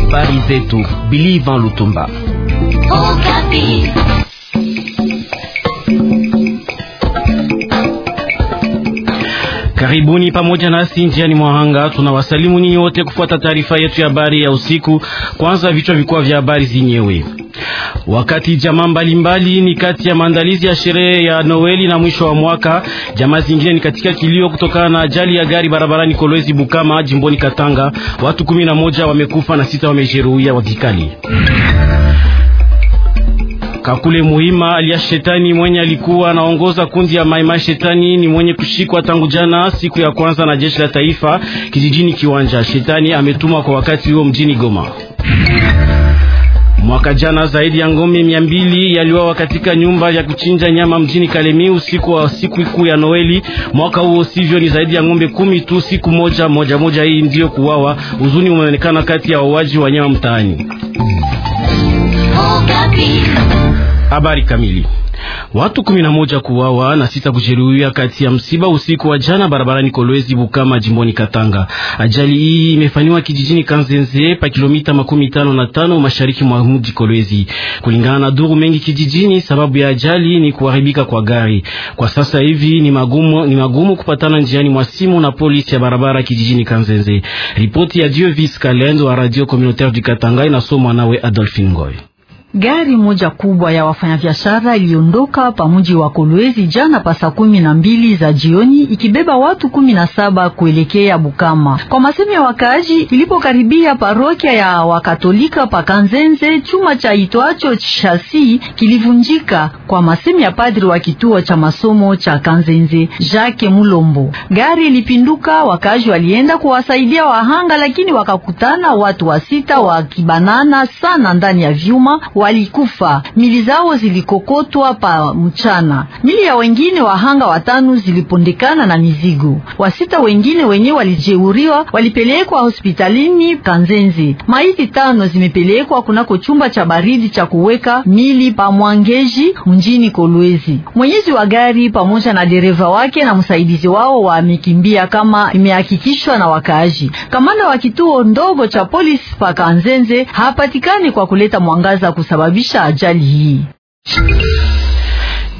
Habari zetu Bili Van Lutumba. Okapi. Karibuni pamoja nasi njiani mwahanga, tunawasalimu ninyi wote kufuata taarifa yetu ya habari ya usiku. Kwanza vichwa vikubwa vya habari zenyewe. Wakati jamaa mbalimbali ni kati ya maandalizi ya sherehe ya Noeli na mwisho wa mwaka, jamaa zingine ni katika kilio kutokana na ajali ya gari barabarani Kolwezi Bukama, jimboni Katanga. Watu kumi na moja wamekufa na sita wamejeruhiwa wakikali Kakule Muhima aliya shetani mwenye alikuwa anaongoza kundi ya maimai shetani ni mwenye kushikwa tangu jana siku ya kwanza na jeshi la taifa kijijini Kiwanja. Shetani ametumwa kwa wakati huo mjini Goma. Mwaka jana zaidi ya ngome mia mbili yaliwawa katika nyumba ya kuchinja nyama mjini Kalemi usiku wa siku kuu ya Noeli. Mwaka huo sivyo, ni zaidi ya ngombe kumi tu siku moja moja moja. Hii ndiyo kuwawa. Huzuni umeonekana kati ya wauaji wa nyama mtaani. Oh, Habari kamili Watu kumi na moja kuwawa na sita kujeruhiwa kati ya msiba usiku wa jana barabarani Kolwezi Bukama jimboni Katanga. Ajali hii imefanywa kijijini Kanzenze pa kilomita makumi tano na tano mashariki mwa mji Kolwezi. Kulingana na duru mengi kijijini, sababu ya ajali ni kuharibika kwa gari. Kwa sasa hivi ni magumu, ni magumu kupatana njiani mwa simu na polisi ya barabara kijijini Kanzenze. Ripoti ya Diovis Kalendo wa Radio Communautaire du Katanga inasomwa nawe Adolphine Ngoy. Gari moja kubwa ya wafanyabiashara iliondoka pa mji wa Kolwezi jana pa saa kumi na mbili za jioni ikibeba watu kumi na saba kuelekea Bukama. Kwa masemi ya wakaaji, ilipokaribia parokia ya Wakatolika pa Kanzenze, chuma cha itwacho chasi kilivunjika, kwa masemi ya padri wa kituo cha masomo cha Kanzenze Jacques Mulombo. Gari ilipinduka, wakaaji walienda kuwasaidia wahanga, lakini wakakutana watu wa sita wakibanana sana ndani ya vyuma wa walikufa, mili zao zilikokotwa pa mchana. Mili ya wengine wahanga watano zilipondekana na mizigo. Wasita wengine wenye walijeuriwa walipelekwa hospitalini Kanzenze. Maiti tano zimepelekwa kunako chumba cha baridi cha kuweka mili pa Mwangeji mjini Kolwezi. Mwenyezi wa gari pamoja na dereva wake na msaidizi wao wamekimbia kama imehakikishwa na wakaaji. Kamanda wa kituo ndogo cha polisi pa Kanzenze hapatikani kwa kuleta mwangaza kusa kusababisha ajali hii.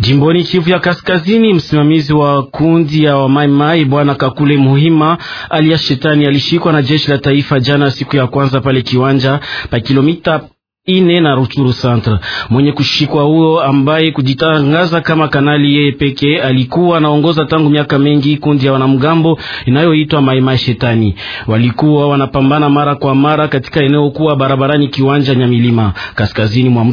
Jimboni Kivu ya Kaskazini, msimamizi wa kundi ya wamaimai bwana Kakule Muhima alias Shetani alishikwa na jeshi la taifa jana siku ya kwanza pale kiwanja pa kilomita ine na Ruchuru Centre. Mwenye kushikwa huyo ambaye kujitangaza kama kanali yeye peke alikuwa anaongoza tangu miaka mengi kundi ya wanamgambo inayoitwa Maimai Shetani. Walikuwa wanapambana mara kwa mara katika eneo kuwa barabarani kiwanja Nyamilima kaskazini mwa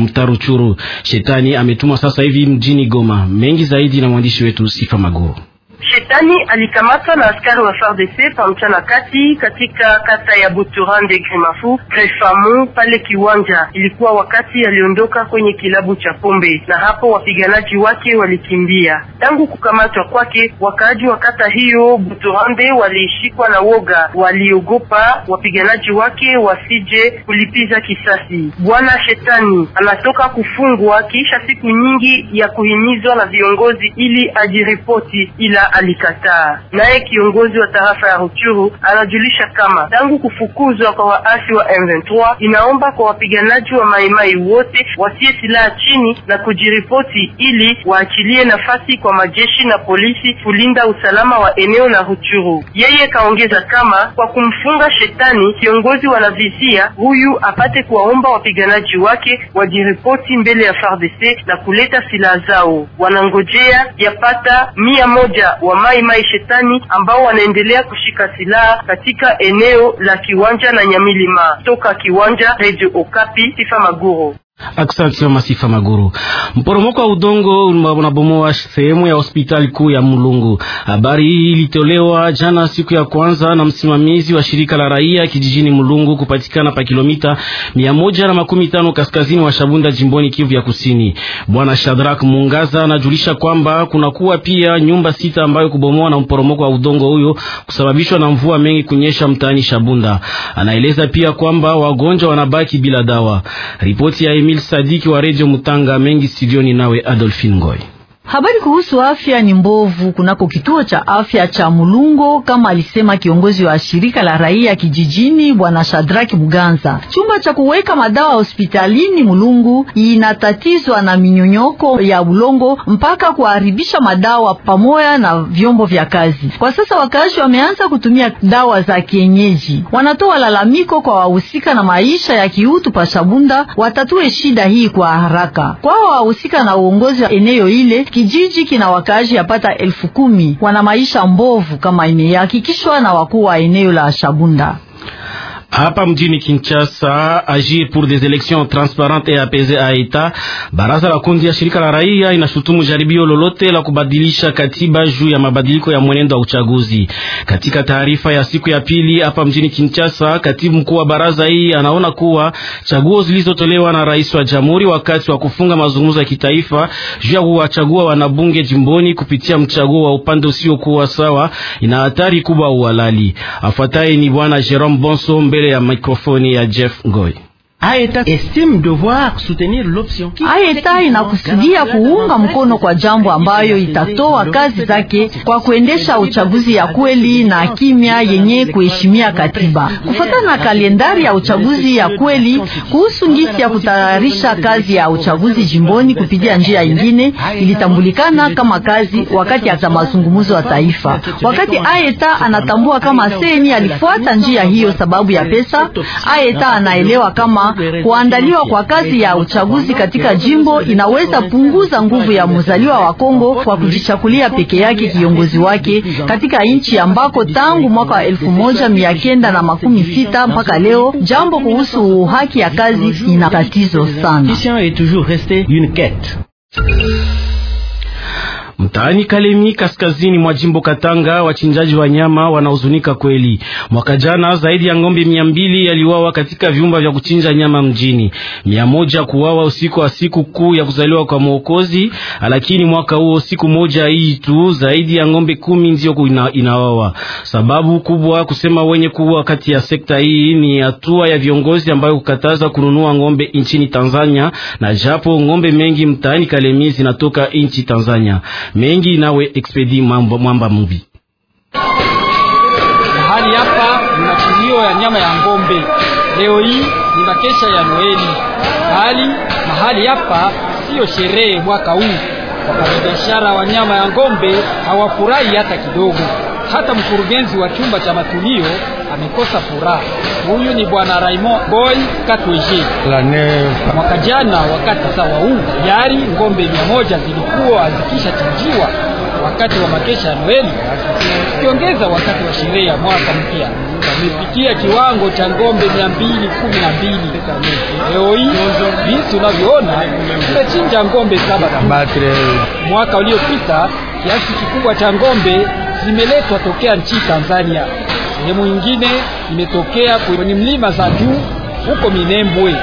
mta Ruchuru. Shetani ametuma sasa hivi mjini Goma. Mengi zaidi na mwandishi wetu Sifa Maguru. Shetani alikamatwa na askari wa FARDC pa mchana kati katika kata ya Buturande Grimafu Grefamu pale kiwanja. Ilikuwa wakati aliondoka kwenye kilabu cha pombe, na hapo wapiganaji wake walikimbia. Tangu kukamatwa kwake, wakaaji wa kata hiyo Buturande walishikwa na woga, waliogopa wapiganaji wake wasije kulipiza kisasi. Bwana Shetani anatoka kufungwa kisha siku nyingi ya kuhimizwa na viongozi ili ajiripoti, ila alikataa. Naye kiongozi wa tarafa ya Ruchuru anajulisha kama tangu kufukuzwa kwa waasi wa M23 inaomba kwa wapiganaji wa maimai wote wasie silaha chini na kujiripoti ili waachilie nafasi kwa majeshi na polisi kulinda usalama wa eneo la Ruchuru. Yeye kaongeza kama kwa kumfunga shetani kiongozi wanavizia huyu apate kuwaomba wapiganaji wake wajiripoti mbele ya FARDC na kuleta silaha zao. Wanangojea yapata mia moja wa Mai Mai Shetani ambao wanaendelea kushika silaha katika eneo la Kiwanja na Nyamilima. Toka Kiwanja, Radio Okapi, Sifa Maguru. Aksanti Masifa Maguru. Mporomoko wa udongo unabomoa sehemu ya hospitali kuu ya Mulungu. Habari hii ilitolewa jana siku ya kwanza na msimamizi wa shirika la raia kijijini Mulungu, kupatikana pa kilomita mia moja na makumi tano kaskazini wa Shabunda, jimboni Kivu ya Kusini. Bwana Shadrak Mungaza anajulisha kwamba kunakuwa pia nyumba sita ambayo kubomoa na mporomoko wa udongo huyo kusababishwa na mvua mengi kunyesha mtaani Shabunda. Anaeleza pia kwamba wagonjwa wanabaki bila dawa. Ripoti ya Emil Sadiki wa Radio Mutanga mengi studioni nawe Adolphine Ngoy. Habari kuhusu afya ni mbovu kunako kituo cha afya cha Mulungo, kama alisema kiongozi wa shirika la raia kijijini bwana Shadraki Muganza. Chumba cha kuweka madawa hospitalini Mulungu inatatizwa na minyonyoko ya ulongo mpaka kuharibisha madawa pamoja na vyombo vya kazi. Kwa sasa wakazi wameanza kutumia dawa za kienyeji, wanatoa lalamiko kwa wahusika na maisha ya kiutu pashabunda watatue shida hii kwa haraka. Kwa wahusika na uongozi wa eneo ile Kijiji kina wakaaji yapata elfu kumi wana maisha mbovu kama imehakikishwa na wakuu wa eneo la Shabunda. Hapa mjini Kinshasa, Agir pour des élections transparentes et apaisées eta baraza la kundi ya shirika la raia inashutumu jaribio lolote la kubadilisha katiba juu ya mabadiliko ya mwenendo wa uchaguzi. Katika taarifa ya siku ya pili hapa mjini Kinshasa, katibu mkuu wa baraza hii anaona kuwa chaguo zilizotolewa na rais wa jamhuri wakati wa kufunga mazungumzo ya kitaifa juu ya kuwachagua wanabunge jimboni kupitia mchaguo wa upande usiokuwa sawa ina hatari kubwa uhalali. Afuataye ni bwana Jerome Bonso mbele mbele ya mikrofoni ya Jeff Ngoi. AETA inakusudia kuunga mkono kwa jambo ambayo itatoa kazi zake kwa kuendesha uchaguzi ya kweli na kimya yenye kuheshimia katiba, kufuatana na kalendari ya uchaguzi ya kweli. Kuhusu ngisi ya kutayarisha kazi ya uchaguzi jimboni kupitia njia ingine ilitambulikana kama kazi wakati ya mazungumzo ya taifa, wakati AETA anatambua kama seni alifuata njia hiyo sababu ya pesa. AETA anaelewa kama kuandaliwa kwa kazi ya uchaguzi katika jimbo inaweza punguza nguvu ya mzaliwa wa Kongo kwa kujichakulia peke yake kiongozi wake katika nchi ambako tangu mwaka wa elfu moja mia kenda na makumi sita mpaka leo jambo kuhusu haki ya kazi ina tatizo sana. Mtaani Kalemi, kaskazini mwa jimbo Katanga, wachinjaji wa nyama wanahuzunika kweli. Mwaka jana zaidi ya ng'ombe mia mbili yaliuawa katika vyumba vya kuchinja nyama mjini, mia moja kuuawa usiku wa siku kuu ya kuzaliwa kwa Mwokozi. Lakini mwaka huo siku moja hii tu zaidi ya ng'ombe kumi ndiyo ina, inawawa. Sababu kubwa kusema wenye kuwa kati ya sekta hii ni hatua ya viongozi ambayo kukataza kununua ng'ombe nchini Tanzania, na japo ng'ombe mengi mtaani Kalemi zinatoka nchi Tanzania mengi nawe Expedi Mwamba Mubi. Hali hapa ni machinio ya nyama ya ng'ombe. Leo hii ni makesha ya Noeli, bali mahali hapa siyo sherehe mwaka huu. Wafanyabiashara wa nyama ya ng'ombe hawafurahi hata kidogo. Hata mkurugenzi wa chumba cha matulio amekosa furaha. Huyu ni bwana Raymond Boy Katweje. Mwaka jana wakati sawa huu yari ngombe mia moja zilikuwa zikisha chinjiwa wakati wa makesha ya Noeli, ukiongeza wakati wa sherehe ya mwaka mpya wamefikia kiwango cha ngombe mia mbili kumi na mbili. Leo hii jinsi unavyoona tumechinja ngombe saba. Mwaka uliopita kiasi kikubwa cha ngombe zimeletwa tokea nchi Tanzania sehemu ingine imetokea kwenye mlima za juu huko Minembwe.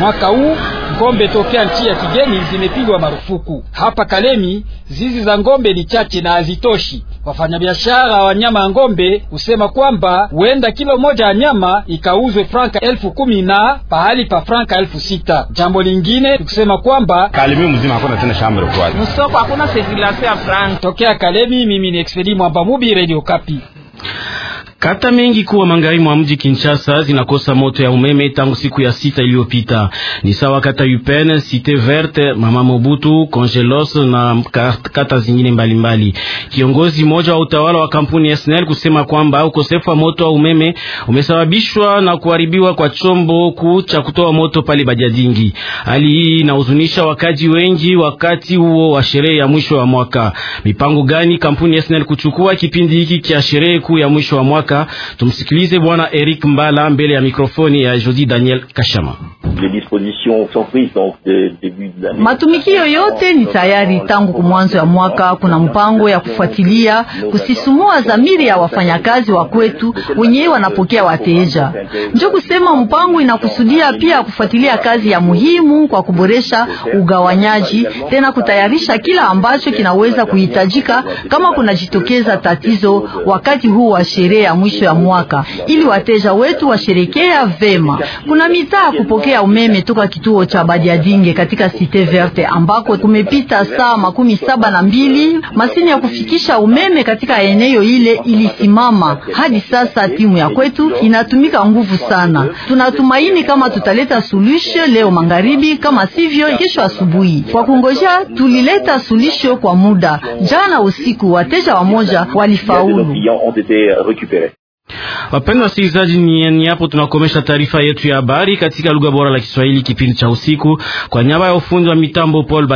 Mwaka huu ngombe tokea nchi ya kigeni zimepigwa marufuku hapa Kalemi. Zizi za ngombe ni chache na hazitoshi. Wafanyabiashara wa nyama ya ngombe husema kwamba huenda kilo moja ya nyama ikauzwe franka elfu kumi na pahali pa franka elfu sita. Jambo lingine ni kusema kwamba Kalemi mzima hakuna tena shamba kwa msoko, hakuna sevilase ya franka tokea Kalemi. Mimi ni Expedi Mwamba Mubi, Radio Kapi. Kata mengi kuwa magharibi mwa mji Kinshasa zinakosa moto ya umeme tangu siku ya sita iliyopita. Ni sawa kata Upen, Cite Verte, Mama Mobutu, Congelos na kata zingine mbalimbali mbali. Kiongozi mmoja wa utawala wa kampuni SNEL kusema kwamba ukosefu wa moto wa umeme umesababishwa na kuharibiwa kwa chombo kuu cha kutoa moto pale Bajajingi. Hali hii inahuzunisha wakaji wengi wakati huo wa sherehe ya mwisho wa mwaka. Mipango gani kampuni SNEL kuchukua kipindi hiki cha sherehe kuu ya mwisho wa mwaka Baraka. Tumsikilize Bwana Eric Mbala mbele ya mikrofoni ya Jodi Daniel Kashama. Matumikio yote ni tayari tangu kumwanzo ya mwaka. Kuna mpango ya kufuatilia kusisumua zamiri ya wafanyakazi wa kwetu wenyewe wanapokea wateja. Ndio kusema mpango inakusudia pia kufuatilia kazi ya muhimu kwa kuboresha ugawanyaji, tena kutayarisha kila ambacho kinaweza kuhitajika kama kunajitokeza tatizo wakati huu wa sherehe ya mwisho ya mwaka, ili wateja wetu washerekea vema. Kuna mitaa kupokea umeme toka kituo cha Badiadinge katika Cite Verte ambako kumepita saa makumi saba na mbili. Masini ya kufikisha umeme katika eneo ile ilisimama. Hadi sasa timu ya kwetu inatumika nguvu sana. Tunatumaini kama tutaleta suluhisho leo magharibi, kama sivyo kesho asubuhi. Kwa kungoja, tulileta suluhisho kwa muda. Jana usiku wateja wamoja walifaulu. Wapendwa wasikilizaji, ni hapo tunakomesha taarifa yetu ya habari katika lugha bora la Kiswahili, kipindi cha usiku. Kwa niaba ya ufundi wa mitambo Paul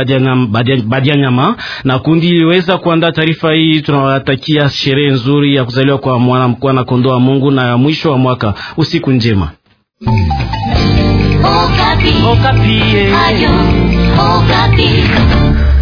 Badianyama na kundi iliweza kuandaa taarifa hii, tunawatakia sherehe nzuri ya kuzaliwa kwa mwana na kondoo wa Mungu na ya mwisho wa mwaka. Usiku njema. Okapi. Okapi. Ayu, Okapi.